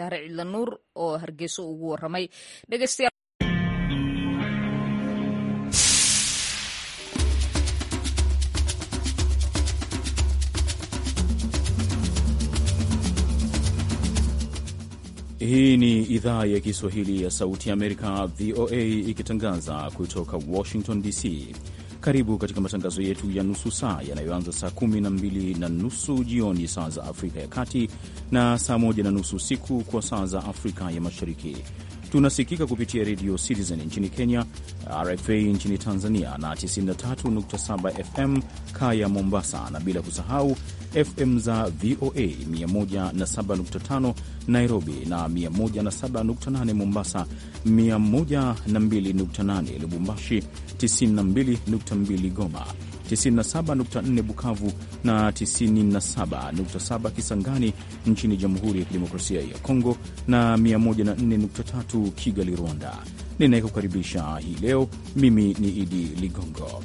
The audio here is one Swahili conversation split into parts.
saare cidla nuur oo hargeyso ugu waramay dhegeystayaal Hii ni idhaa ya Kiswahili ya Sauti ya Amerika, VOA, ikitangaza kutoka Washington DC. Karibu katika matangazo yetu ya nusu saa yanayoanza saa kumi na mbili na nusu jioni saa za Afrika ya Kati na saa moja na nusu usiku kwa saa za Afrika ya Mashariki. Tunasikika kupitia redio Citizen nchini Kenya, RFA nchini Tanzania na 93.7 FM Kaya Mombasa, na bila kusahau FM za VOA 107.5 Nairobi na 107.8 Mombasa, 102.8 Lubumbashi, 92.2 Goma 97.4 Bukavu na 97.7 Kisangani nchini Jamhuri ya Kidemokrasia ya Kongo na 104.3 Kigali, Rwanda. Ninayekukaribisha hii leo mimi ni Idi Ligongo.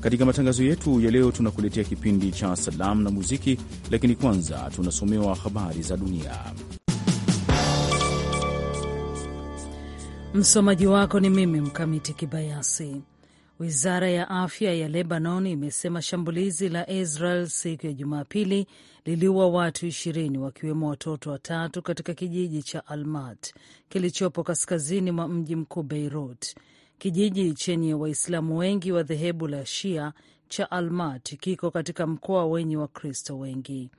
Katika matangazo yetu ya leo tunakuletea kipindi cha salamu na muziki, lakini kwanza tunasomewa habari za dunia. Msomaji wako ni mimi Mkamiti Kibayasi. Wizara ya afya ya Lebanon imesema shambulizi la Israel siku ya Jumapili liliua watu ishirini wakiwemo watoto watatu katika kijiji cha Almat kilichopo kaskazini mwa mji mkuu Beirut. Kijiji chenye Waislamu wengi wa dhehebu la Shia cha Almat kiko katika mkoa wenye Wakristo wengi.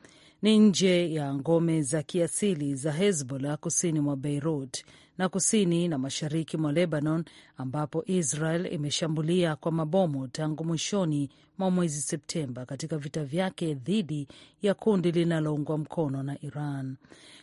Ni nje ya ngome za kiasili za Hezbollah kusini mwa Beirut na kusini na mashariki mwa Lebanon, ambapo Israel imeshambulia kwa mabomu tangu mwishoni mwa mwezi Septemba katika vita vyake dhidi ya kundi linaloungwa mkono na Iran.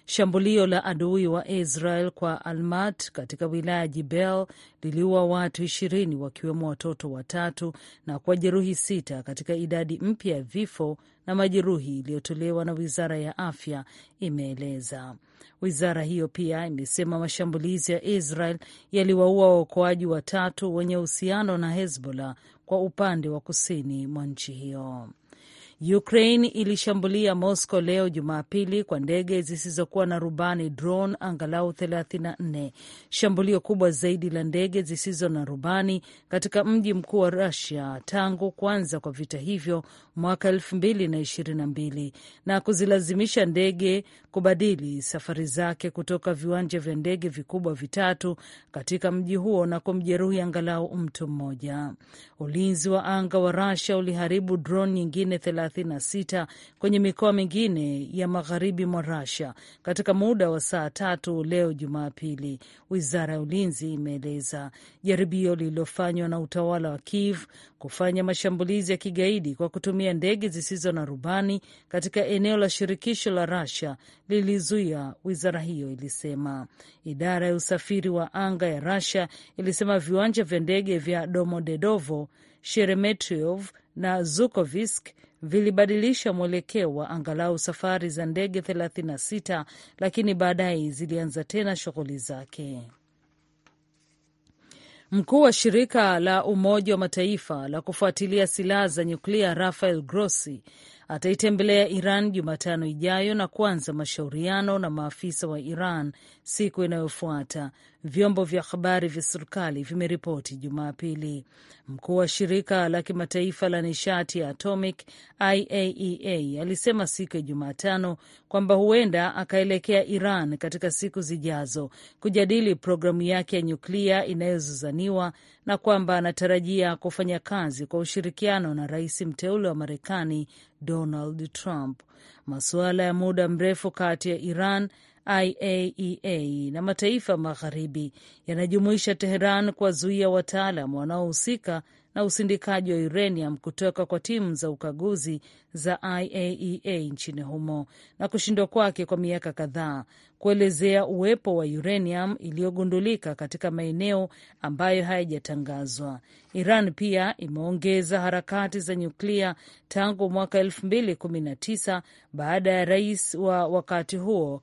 Shambulio la adui wa Israel kwa Almat katika wilaya Jibel liliua watu ishirini wakiwemo watoto watatu na kujeruhi sita katika idadi mpya ya vifo na majeruhi iliyotolewa na wizara ya afya imeeleza. Wizara hiyo pia imesema mashambulizi ya Israel yaliwaua waokoaji wapiganaji watatu wenye uhusiano na Hezbollah kwa upande wa kusini mwa nchi hiyo. Ukraine ilishambulia Moscow leo Jumapili kwa ndege zisizokuwa na rubani drone angalau 34, shambulio kubwa zaidi la ndege zisizo na rubani katika mji mkuu wa Russia tangu kuanza kwa vita hivyo mwaka 2022 na kuzilazimisha ndege kubadili safari zake kutoka viwanja vya ndege vikubwa vitatu katika mji huo na kumjeruhi angalau mtu mmoja. Ulinzi wa anga wa Russia uliharibu drone nyingine 36 kwenye mikoa mingine ya magharibi mwa Russia katika muda wa saa tatu leo Jumapili, wizara ya ulinzi imeeleza. Jaribio lililofanywa na utawala wa Kiev kufanya mashambulizi ya kigaidi kwa kutumia ndege zisizo na rubani katika eneo la shirikisho la Russia lilizuia, wizara hiyo ilisema. Idara ya usafiri wa anga ya Russia ilisema viwanja vya ndege vya Domodedovo, Sheremetyevo na Zukovisk vilibadilisha mwelekeo wa angalau safari za ndege 36 lakini baadaye zilianza tena shughuli zake. Mkuu wa shirika la Umoja wa Mataifa la kufuatilia silaha za nyuklia Rafael Grossi ataitembelea Iran Jumatano ijayo na kuanza mashauriano na maafisa wa Iran siku inayofuata, vyombo vya habari vya serikali vimeripoti Jumapili. Mkuu wa shirika la kimataifa la nishati ya atomic IAEA e alisema siku ya Jumatano kwamba huenda akaelekea Iran katika siku zijazo kujadili programu yake ya nyuklia inayozuzaniwa na kwamba anatarajia kufanya kazi kwa ushirikiano na rais mteule wa Marekani Donald Trump. Masuala ya muda mrefu kati ya Iran, IAEA e na mataifa magharibi yanajumuisha Teheran kuwazuia wataalam wanaohusika na usindikaji wa uranium kutoka kwa timu za ukaguzi za IAEA e nchini humo na kushindwa kwake kwa miaka kadhaa kuelezea uwepo wa uranium iliyogundulika katika maeneo ambayo hayajatangazwa. Iran pia imeongeza harakati za nyuklia tangu mwaka 2019 baada ya rais wa wakati huo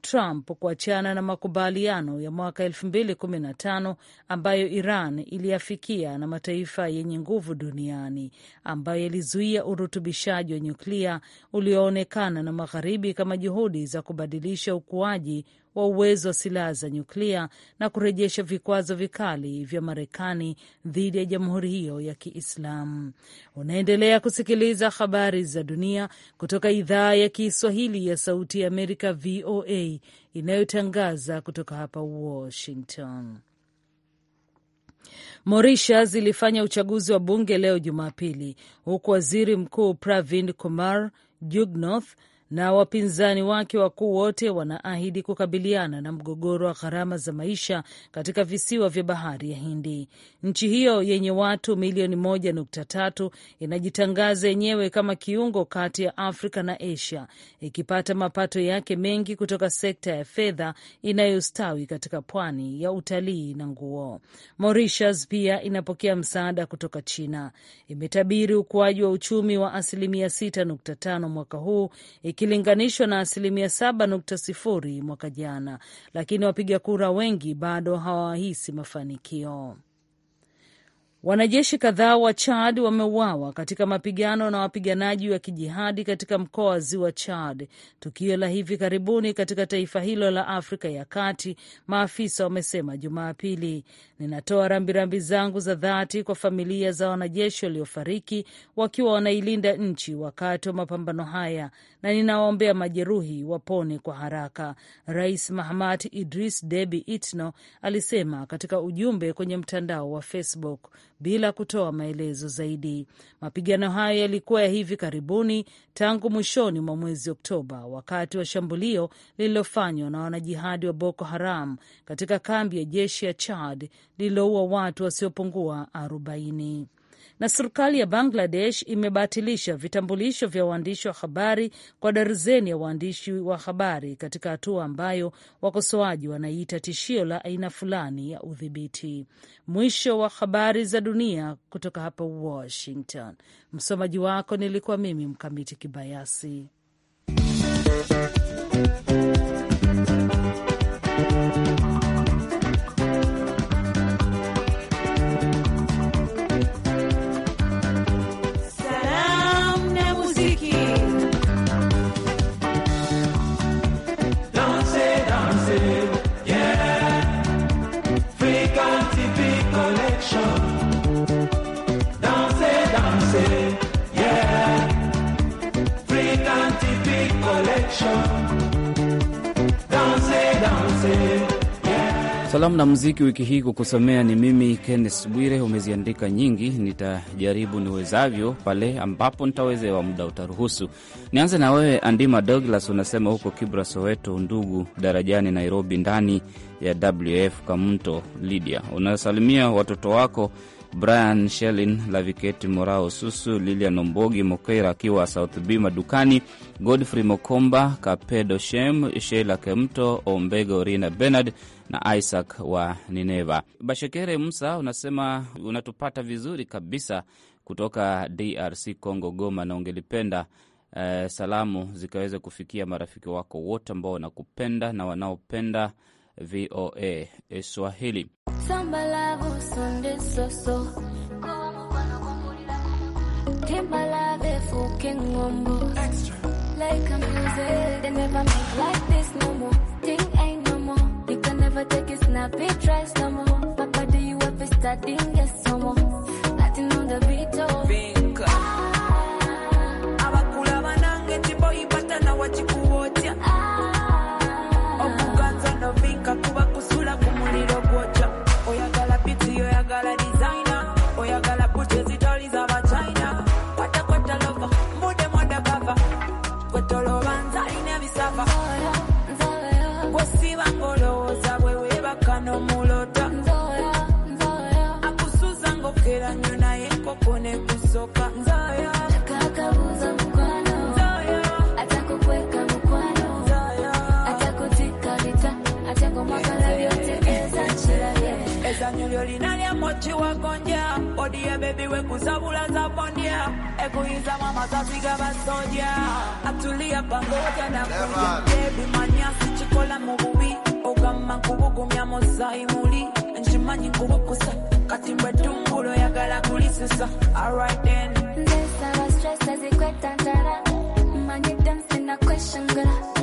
Trump kuachana na makubaliano ya mwaka 2015 ambayo Iran iliyafikia na mataifa yenye nguvu duniani ambayo yalizuia urutubishaji wa nyuklia ulioonekana na magharibi kama juhudi za kubadilisha ukuaji wa uwezo wa silaha za nyuklia na kurejesha vikwazo vikali vya Marekani dhidi ya jamhuri hiyo ya Kiislamu. Unaendelea kusikiliza habari za dunia kutoka idhaa ya Kiswahili ya Sauti ya Amerika, VOA, inayotangaza kutoka hapa Washington. Mauritius ilifanya uchaguzi wa bunge leo Jumapili, huku waziri mkuu Pravind Kumar Jugnauth na wapinzani wake wakuu wote wanaahidi kukabiliana na mgogoro wa gharama za maisha katika visiwa vya bahari ya Hindi. Nchi hiyo yenye watu milioni moja nukta tatu inajitangaza yenyewe kama kiungo kati ya Afrika na Asia, ikipata mapato yake mengi kutoka sekta ya fedha inayostawi katika pwani ya utalii na nguo. Mauritius pia inapokea msaada kutoka China. Imetabiri ukuaji wa uchumi wa asilimia 6.5 mwaka huu ikilinganishwa na asilimia 7.0 mwaka jana, lakini wapiga kura wengi bado hawahisi mafanikio. Wanajeshi kadhaa wa Chad wameuawa katika mapigano na wapiganaji wa kijihadi katika mkoa wa ziwa Chad, tukio la hivi karibuni katika taifa hilo la Afrika ya Kati, maafisa wamesema Jumapili. Ninatoa rambirambi zangu za dhati kwa familia za wanajeshi waliofariki wakiwa wanailinda nchi wakati wa mapambano haya, na ninawaombea majeruhi wapone kwa haraka, Rais Mahamat Idris debi Itno alisema katika ujumbe kwenye mtandao wa Facebook bila kutoa maelezo zaidi. Mapigano hayo yalikuwa ya hivi karibuni tangu mwishoni mwa mwezi Oktoba, wakati wa shambulio lililofanywa na wanajihadi wa Boko Haram katika kambi ya jeshi ya Chad lililoua watu wasiopungua arobaini na serikali ya Bangladesh imebatilisha vitambulisho vya waandishi wa habari kwa darzeni ya waandishi wa habari katika hatua ambayo wakosoaji wanaiita tishio la aina fulani ya udhibiti. Mwisho wa habari za dunia kutoka hapa Washington. Msomaji wako nilikuwa mimi Mkamiti Kibayasi. Salamu na muziki wiki hii kukusomea ni mimi Kenneth Bwire. Umeziandika nyingi, nitajaribu niwezavyo pale ambapo nitawezewa, muda utaruhusu. Nianze na wewe Andima Douglas, unasema huko Kibra, Soweto, ndugu darajani Nairobi, ndani ya WF Kamto. Lydia unasalimia watoto wako Brian Shelin, Laviketi Morao, Susu Lilian Ombogi Mokeira akiwa South B madukani, Godfrey Mokomba Kapedo Shem Sheila Kemto Ombego Rina Bernard na Isaac wa Nineva. Bashekere Musa, unasema unatupata vizuri kabisa kutoka DRC Congo, Goma, na ungelipenda eh, salamu zikaweza kufikia marafiki wako wote ambao wanakupenda na wanaopenda VOA Swahili. never take it snappy, try some more. Papa, do you ever study? Yes, no more. Nothing on the beat, oh. Pink. Abakula banange, tipo, ipata na wachiku. nyulio linali amochi wakonja odiya bebi wekuzabula zapondya ekuhiza mama zaziga basoja atulia pamoja na kuja bebi manyasi chikola mububi ogamba nkubugumya muzayimuli njimanyi nkubukusa kati mbwe tungulo yagala kulisusa alright then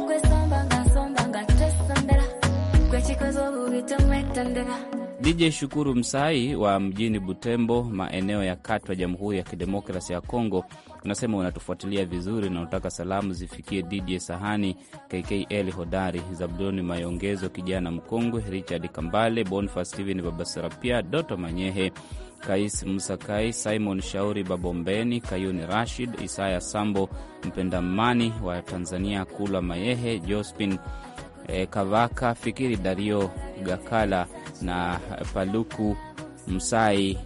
kwesomba nga nsomba nga twesondera gwekikoze obubi tomwetondera DJ Shukuru Msai wa mjini Butembo, maeneo ya Katwa, Jamhuri ya Kidemokrasi ya Kongo, unasema unatufuatilia vizuri na unataka salamu zifikie DJ Sahani, KKL Hodari, Zabuloni Mayongezo, kijana mkongwe, Richard Kambale, Bonifas Steven, Babasarapia, Doto Manyehe, Kais Musa Kai, Simon Shauri, Babombeni Kayuni, Rashid Isaya Sambo, mpenda mani wa Tanzania, Kula Mayehe, Jospin e, Kavaka Fikiri, Dario Gakala na Paluku Msai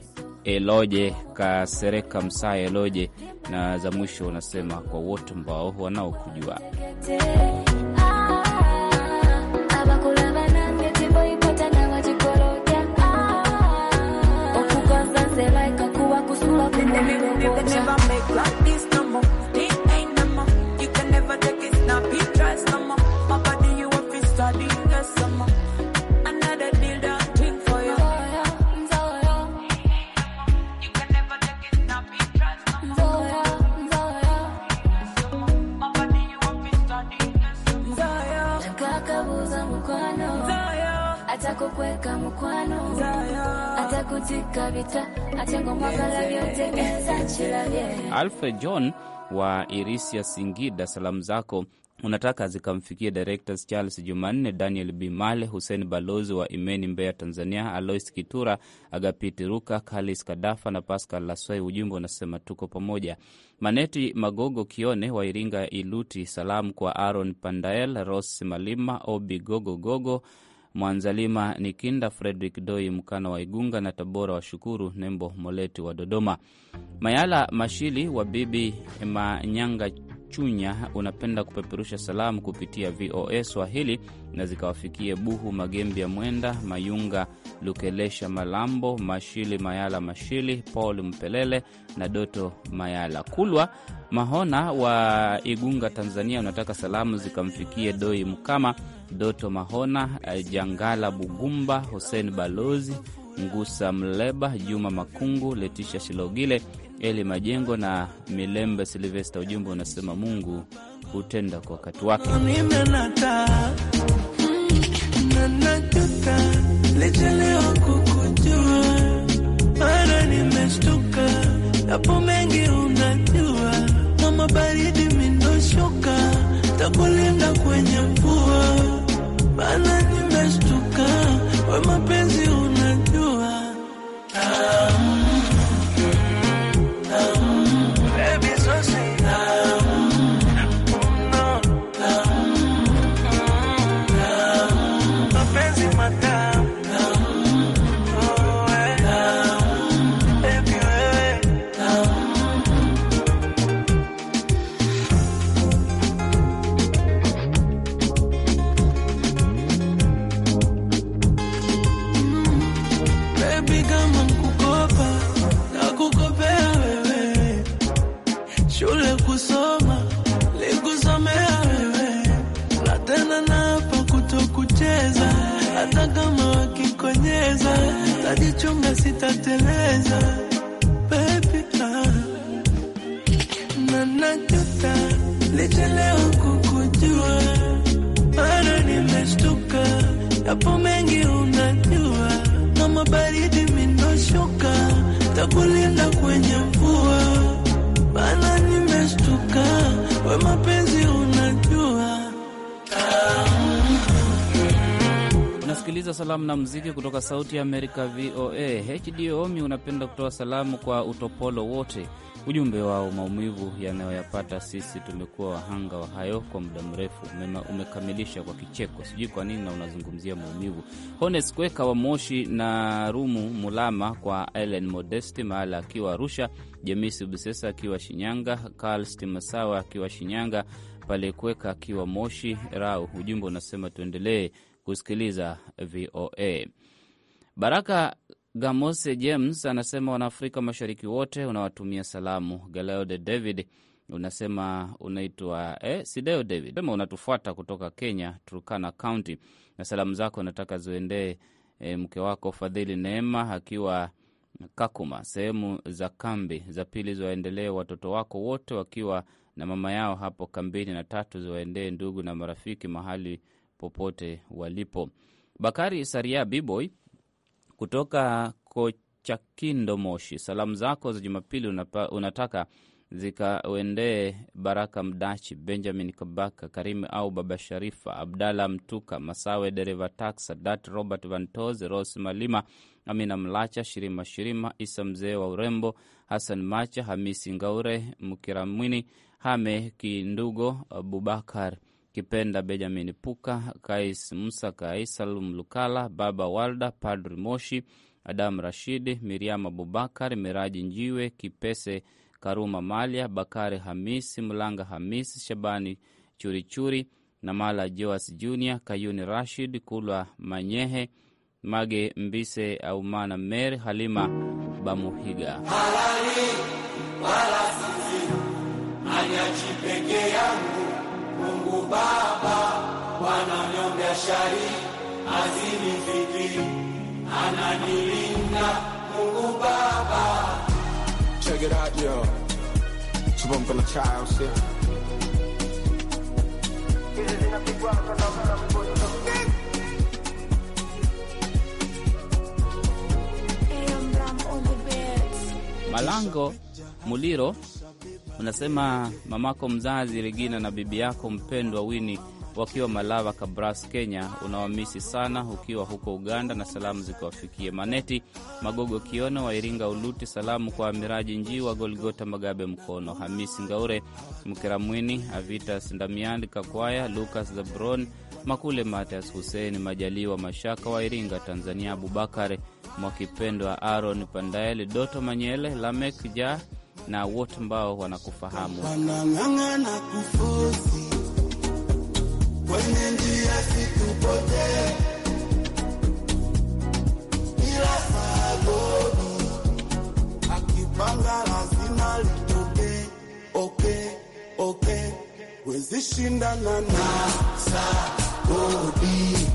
Eloje Kasereka Msai Eloje, na za mwisho unasema kwa wote ambao wanaokujua. atakukweka mkwano, atakutika vita, atengomwakala vyote chila vye. Alfred John wa Irisia, Singida, salamu zako unataka zikamfikia directors Charles Jumanne, Daniel Bimale, Hussein Balozi wa Imeni, Mbeya, Tanzania, Alois Kitura, Agapiti Ruka, Kalis Kadafa na Pascal Laswai. Ujumbe unasema tuko pamoja. Maneti Magogo Kione wa Iringa Iluti, salamu kwa Aaron Pandael, Ross Malima, Obi Gogogogo Gogo, Mwanzalima ni kinda Frederick Doi Mkana wa Igunga na Tabora wa Shukuru Nembo Moleti wa Dodoma, Mayala Mashili wa Bibi Manyanga Chunya unapenda kupeperusha salamu kupitia VOA Swahili na zikawafikie Buhu magembi ya Mwenda Mayunga, Lukelesha Malambo, Mashili Mayala, Mashili Paul Mpelele na Doto Mayala. Kulwa Mahona wa Igunga, Tanzania, unataka salamu zikamfikie Doi Mkama, Doto Mahona, Jangala Bugumba, Hussein Balozi Ngusa Mleba, Juma Makungu, Letisha Shilogile, Eli Majengo na Milembe Silvesta. Ujumbe unasema Mungu hutenda kwa wakati wake. Takulinda kwenye mvua, mana nimeshtuka, we mapenzi unajua ah. wanamuziki kutoka Sauti ya Amerika VOA HDOMI unapenda kutoa salamu kwa utopolo wote, ujumbe wao maumivu yanayoyapata sisi tumekuwa wahanga wa hayo kwa muda mrefu. Umekamilisha kwa kicheko, sijui kwa nini, na unazungumzia maumivu. Hones Kweka wa Moshi na Rumu Mulama kwa Ellen Modesti Mahala akiwa Arusha, Jemisi Busesa akiwa Shinyanga, Karls Timasawa akiwa Shinyanga, pale Kweka akiwa Moshi Rau. Ujumbe unasema tuendelee kusikiliza VOA. Baraka Gamose James anasema Wanaafrika Mashariki wote unawatumia salamu. Galeo de David unasema unaitwa eh, Sideo David sema unatufuata kutoka Kenya, Turkana County, na salamu zako nataka ziendee eh, mke wako Fadhili Neema akiwa Kakuma, sehemu za kambi. Za pili ziwaendelee watoto wako wote wakiwa na mama yao hapo kambini, na tatu ziwaendee ndugu na marafiki mahali popote walipo. Bakari Saria Biboy kutoka Kochakindo, Moshi, salamu zako za Jumapili unataka zikawendee Baraka Mdachi, Benjamin Kabaka, Karimu au Baba Sharifa, Abdala Mtuka, Masawe dereva taxa, Dat Robert Vantos, Ros Malima, Amina Mlacha, Shirima Shirima, Isa mzee wa urembo, Hasan Macha, Hamisi Ngaure, Mkiramwini, Hame Kindugo, Abubakar Kipenda Benjamin Puka, Kais Musa, kaisalum Salum Lukala, Baba Walda, Padri Moshi, Adamu Rashidi, Miriam Abubakar, Miraji Njiwe, Kipese Karuma Malia, Bakari Hamisi, Mlanga Hamisi, Shabani Churichuri, Namala Joas Junior, Kayuni Rashid, Kulwa Manyehe, Mage Mbise, Aumana Mer, Halima Bamuhiga. Halali wala sisi, peke yangu Baba, Bwana mnyonge shari azimi zikri, ananilinda Mungu Baba. Check it out, yo. from the child, Malango Muliro Unasema mamako mzazi Regina na bibi yako mpendwa Wini wakiwa Malava, Kabras, Kenya. Unawamisi sana ukiwa huko Uganda, na salamu zikawafikie Maneti Magogo Kiona wa Iringa Uluti. Salamu kwa Miraji Njii wa Golgota Magabe Mkono, Hamisi Ngaure mkiramwini Avita Sindamiani Kakwaya, Lukas Zabron Makule Matias Hussein Majaliwa Mashaka wa Iringa, Tanzania, Abubakar Mwakipendwa Aaron Pandaeli Doto Manyele Lamek Ja na wote ambao wanakufahamu wanang'ang'ana kufuzi kwenye njia situpotee, ila sagodi akipanga lazima litokee. Okay, okay, wezishindana na saagodi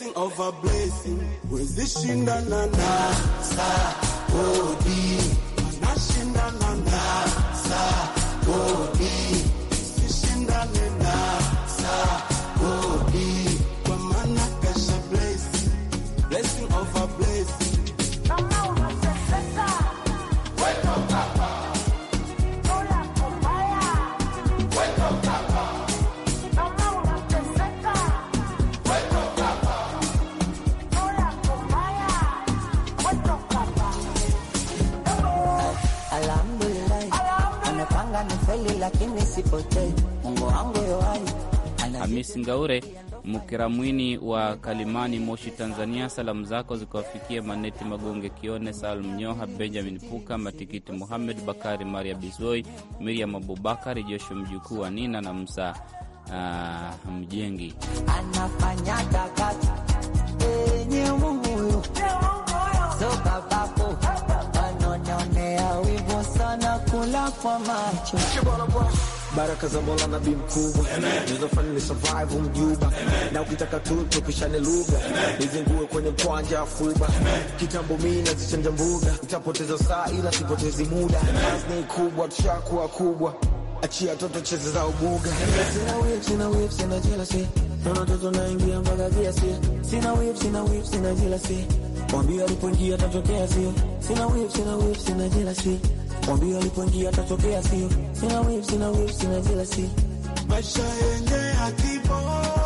blessing of a blessing, wezi shindana na sa odi, anashindana na sa odi Hamisi Ngaure Mukiramwini wa Kalimani, Moshi, Tanzania. Salamu zako zikiwafikia Maneti Magonge, Kione Salm Nyoha, Benjamin Puka, Matikiti muhammed Bakari, Maria Bizoi, Miriam Abubakari, Joshua mjukuu wa Nina na Msa uh, ah, Mjengi Anafanya baraka za Mola nabii mkubwa ndizo fanya ni survive mjuba na ukitaka tu tupishane lugha nizingue kwenye mkwanja afuba kitambo mimi nazichanja mbuga itapoteza saa ila sipotezi muda ni kubwa tushakuwa kubwa achia toto cheze za ubuga sina wivu sina wivu sina jealousy naona toto naingia mpaka si sina wivu sina wivu sina jealousy mwambie alipoingia atatokea si sina wivu sina wivu sina jealousy mwambie alipoingia atatokea, sio sina wivu, sina wivu, sina zila, sio maisha yenye akiboo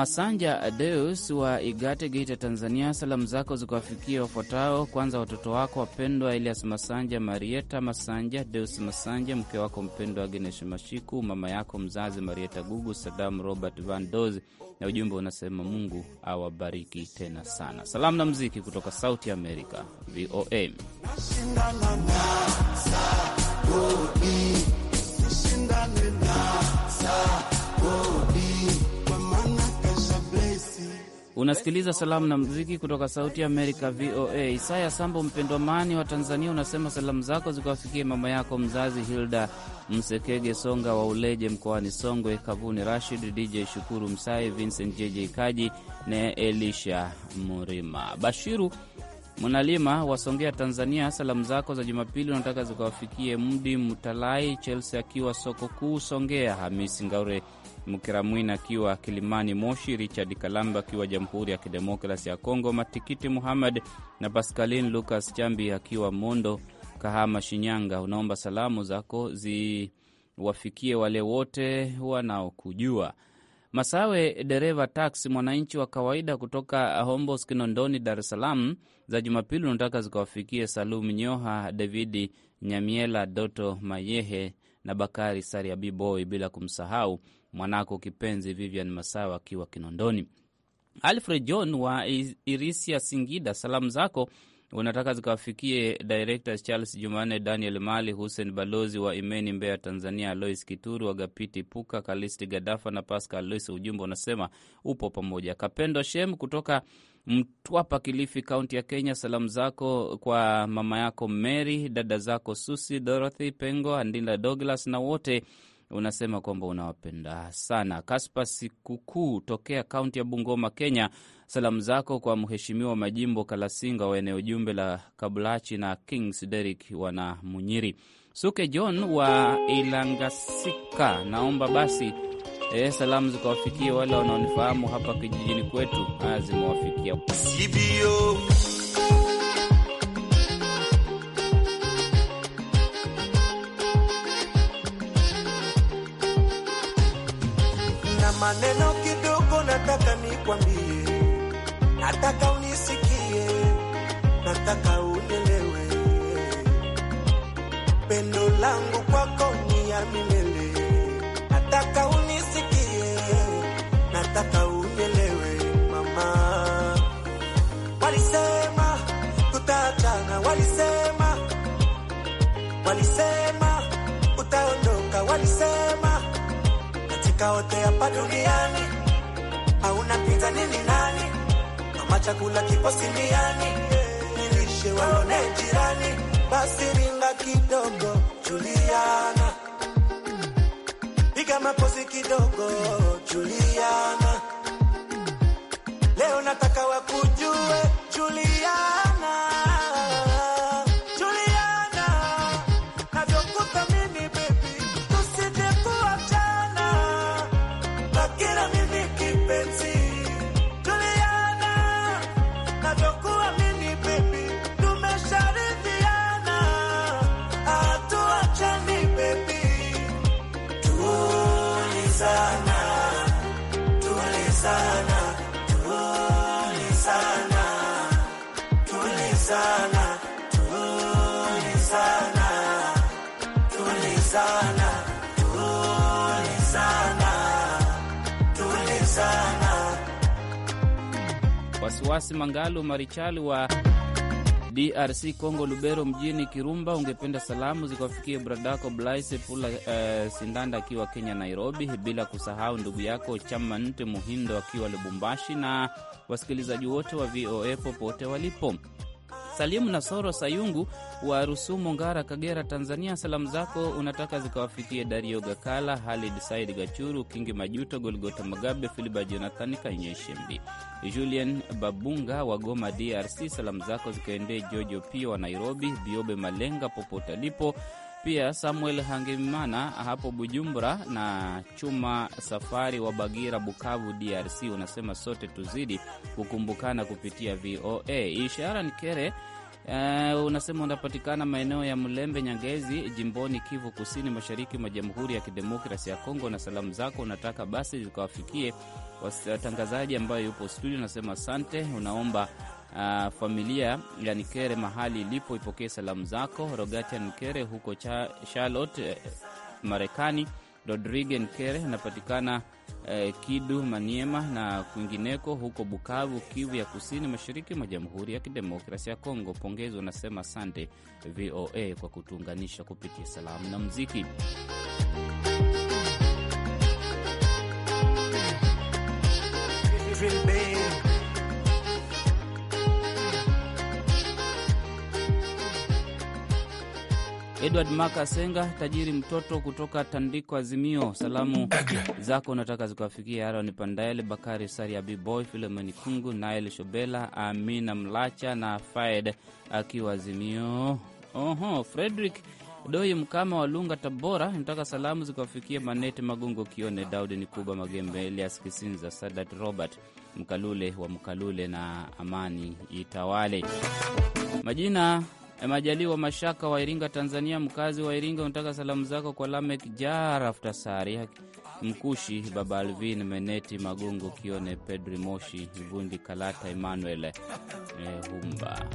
Masanja Adeus wa Igate, Geita, Tanzania, salamu zako zikawafikia wafuatao: kwanza watoto wako wapendwa Elias Masanja, Marieta Masanja, Deus Masanja, mke wako mpendwa Agnes Mashiku, mama yako mzazi Marieta Gugu, Sadam Robert Van Doz, na ujumbe unasema Mungu awabariki tena sana. Salamu na mziki kutoka Sauti Amerika, VOA. Unasikiliza salamu na mziki kutoka Sauti ya Amerika, VOA. Isaya Sambo, mpendwa Mani wa Tanzania, unasema salamu zako zikawafikie mama yako mzazi Hilda Msekege Songa wa Uleje mkoani Songwe, Kavuni Rashid, DJ Shukuru Msai, Vincent JJ Kaji na Elisha Murima. Bashiru Mwanalima wasongea Tanzania, salamu zako za Jumapili unataka zikawafikie Mdi Mtalai Chelsea akiwa soko kuu Songea, Hamisi Ngaure Mkiramwin akiwa Kilimani Moshi, Richard Kalamba akiwa Jamhuri ya Kidemokrasi ya Kongo, Matikiti Muhammad na Pascalin Lucas Chambi akiwa Mondo, Kahama, Shinyanga. Unaomba salamu zako ziwafikie wale wote wanaokujua. Masawe dereva taxi, mwananchi wa kawaida kutoka Hombos, Kinondoni, Dar es Salaam, za Jumapili unataka zikawafikie Salum Nyoha, Davidi Nyamiela, Doto Mayehe na Bakari Saria bila kumsahau mwanako kipenzi Vivian Masawa akiwa Kinondoni. Alfred John wa Irisia, Singida, salamu zako unataka zikawafikie directors Charles Jumanne, Daniel Mali, Hussein balozi wa Imeni, Mbeya, Tanzania, lois Kituru, Agapiti Puka, Kalisti Gadafa na Pascal Lois. Ujumbe unasema upo pamoja. Kapendo Shem kutoka Mtwapa, Kilifi, kaunti ya Kenya, salamu zako kwa mama yako Mary, dada zako Susi, Dorothy Pengo, Andinda Douglas na wote unasema kwamba unawapenda sana. Kaspa Sikukuu tokea kaunti ya Bungoma, Kenya, salamu zako kwa mheshimiwa Majimbo Kalasinga wa eneo jumbe la Kabulachi na Kings Derik wana Munyiri Suke John wa Ilangasika. Naomba basi eh, salamu zikawafikia wale wanaonifahamu hapa kijijini kwetu, haya zimewafikia. maneno kidogo, nataka nikwambie, nataka unisikie, nataka unielewe. Pendo langu kwako ni ya milele, nataka unisikie, nataka kaote wote hapa duniani hauna pita nini nani? Mama chakula kipo siniani, nilishe waone jirani, basi ringa kidogo, Juliana, piga mapozi kidogo Wasiwasi Mangalu Marichali wa DRC congo Lubero mjini Kirumba, ungependa salamu zikawafikie bradako Blaise Pula uh, Sindanda akiwa Kenya, Nairobi, bila kusahau ndugu yako Chama Nte Muhindo akiwa Lubumbashi na wasikilizaji wote wa VOA popote walipo. Salimu Nasoro Sayungu wa Rusumo, Ngara, Kagera, Tanzania. Salamu zako unataka zikawafikie Dario Gakala, Halid Said Gachuru, Kingi Majuto, Golgota Magabe, Filiba Jonathani Kanyeshembi, Julien Babunga wa Goma, DRC. Salamu zako zikaendee Jojo Pio wa Nairobi, Biobe Malenga popote alipo pia Samuel Hangimana hapo Bujumbura na Chuma Safari wa Bagira, Bukavu, DRC, unasema sote tuzidi kukumbukana kupitia VOA. Ishara Nkere Uh, eh, unasema unapatikana maeneo ya Mlembe Nyangezi, jimboni Kivu Kusini, mashariki mwa Jamhuri ya Kidemokrasi ya Kongo, na salamu zako unataka basi zikawafikie watangazaji ambayo yupo studio. Unasema asante, unaomba Uh, familia ya Nikere mahali ilipo ipokee salamu zako. Rogatia Nkere huko cha Charlotte eh, Marekani. Rodrigue Nkere anapatikana eh, Kidu Maniema na kwingineko huko Bukavu, Kivu ya kusini mashariki mwa Jamhuri ya Kidemokrasia ya Kongo. Pongezi unasema asante VOA kwa kutuunganisha kupitia salamu na muziki. Edward Makasenga, tajiri mtoto kutoka Tandiko, Azimio, salamu zako unataka zikawafikia Aron Pandael, Bakari Saria, Bboy Filemoni Kungu, Nael Shobela, Amina Mlacha na Faed akiwa Azimio. Oho, Frederick Doi Mkama wa Lunga, Tabora, nataka salamu zikawafikia Manete magongo Kione Daudi Nikuba, Magembe Elias Kisinza, Sadat Robert Mkalule wa Mkalule na Amani Itawale majina Majaliwa Mashaka wa Iringa, Tanzania, mkazi wa Iringa, unataka salamu zako kwa Lamek Jaraf Tasari Mkushi, Baba Alvin Meneti Magongo, Kione Pedri Moshi Vundi, Kalata Emmanuel eh, Humba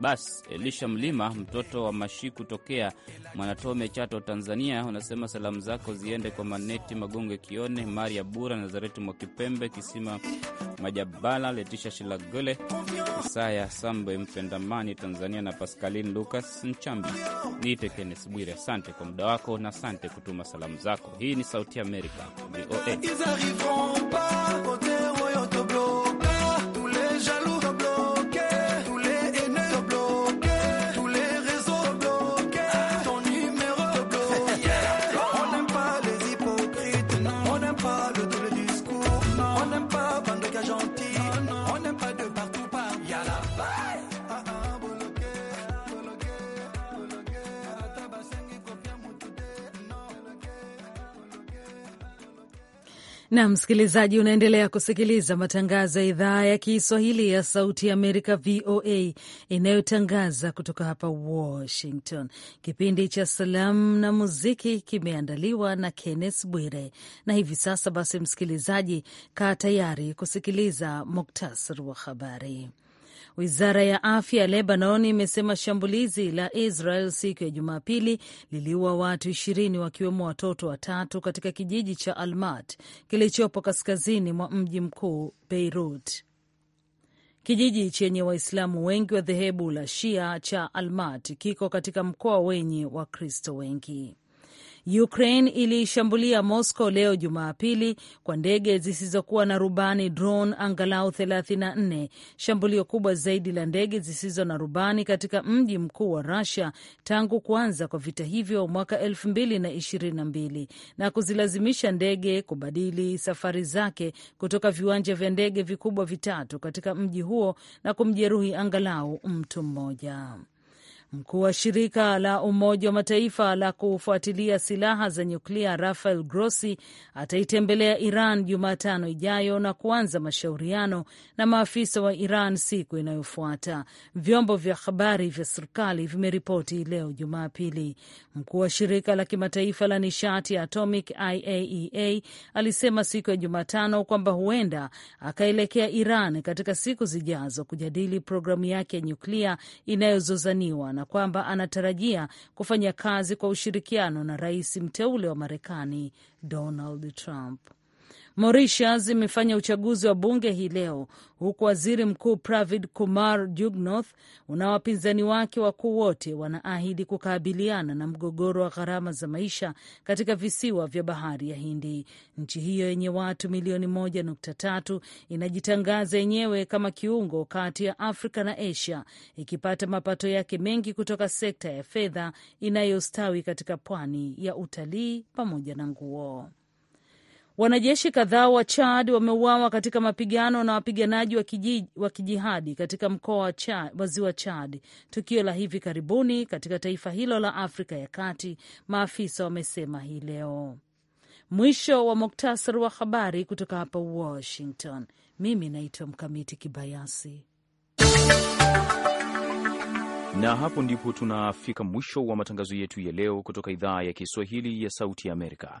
Bas Elisha Mlima, mtoto wa Mashi kutokea Mwanatome, Chato, Tanzania, unasema salamu zako ziende kwa Maneti Magonge, Kione Maria Bura, Nazareti Mwakipembe, Kisima Majabala, Letisha Shilagole, Isaya Sambwe, Mpendamani, Tanzania, na Paskalin Lukas Nchambi. Niite Kennes Bwire. Asante kwa muda wako na asante kutuma salamu zako. Hii ni Sauti Amerika, VOA. na msikilizaji, unaendelea kusikiliza matangazo ya idhaa ya Kiswahili ya Sauti ya Amerika, VOA, inayotangaza kutoka hapa Washington. Kipindi cha Salamu na Muziki kimeandaliwa na Kenneth Bwire, na hivi sasa basi, msikilizaji, kaa tayari kusikiliza muktasari wa habari. Wizara ya afya ya Lebanon imesema shambulizi la Israel siku ya Jumapili liliua watu ishirini wakiwemo watoto watatu katika kijiji cha Almat kilichopo kaskazini mwa mji mkuu Beirut. Kijiji chenye Waislamu wengi wa dhehebu la Shia cha Almat kiko katika mkoa wenye Wakristo wengi. Ukraine iliishambulia Moscow leo Jumapili kwa ndege zisizokuwa na rubani drone angalau 34, shambulio kubwa zaidi la ndege zisizo na rubani katika mji mkuu wa Russia tangu kuanza kwa vita hivyo mwaka 2022 na kuzilazimisha ndege kubadili safari zake kutoka viwanja vya ndege vikubwa vitatu katika mji huo na kumjeruhi angalau mtu mmoja. Mkuu wa shirika la Umoja wa Mataifa la kufuatilia silaha za nyuklia Rafael Grossi ataitembelea Iran Jumatano ijayo na kuanza mashauriano na maafisa wa Iran siku inayofuata, vyombo vya habari vya serikali vimeripoti leo Jumapili. Mkuu wa shirika la kimataifa la nishati ya atomic IAEA e alisema siku ya Jumatano kwamba huenda akaelekea Iran katika siku zijazo kujadili programu yake ya nyuklia inayozozaniwa na kwamba anatarajia kufanya kazi kwa ushirikiano na rais mteule wa Marekani Donald Trump. Mauritius imefanya uchaguzi wa bunge hii leo huku waziri mkuu Pravid Kumar Jugnauth na wapinzani wake wakuu wote wanaahidi kukabiliana na mgogoro wa gharama za maisha katika visiwa vya bahari ya Hindi. Nchi hiyo yenye watu milioni moja nukta tatu inajitangaza yenyewe kama kiungo kati ya Afrika na Asia, ikipata mapato yake mengi kutoka sekta ya fedha inayostawi katika pwani ya utalii pamoja na nguo. Wanajeshi kadhaa wa Chad wameuawa katika mapigano na wapiganaji wa kijihadi katika mkoa wa ziwa Chad, tukio la hivi karibuni katika taifa hilo la Afrika ya Kati, maafisa wamesema hii leo. Mwisho wa muktasari wa habari kutoka hapa Washington. Mimi naitwa Mkamiti Kibayasi, na hapo ndipo tunafika mwisho wa matangazo yetu ya leo kutoka idhaa ya Kiswahili ya Sauti ya Amerika.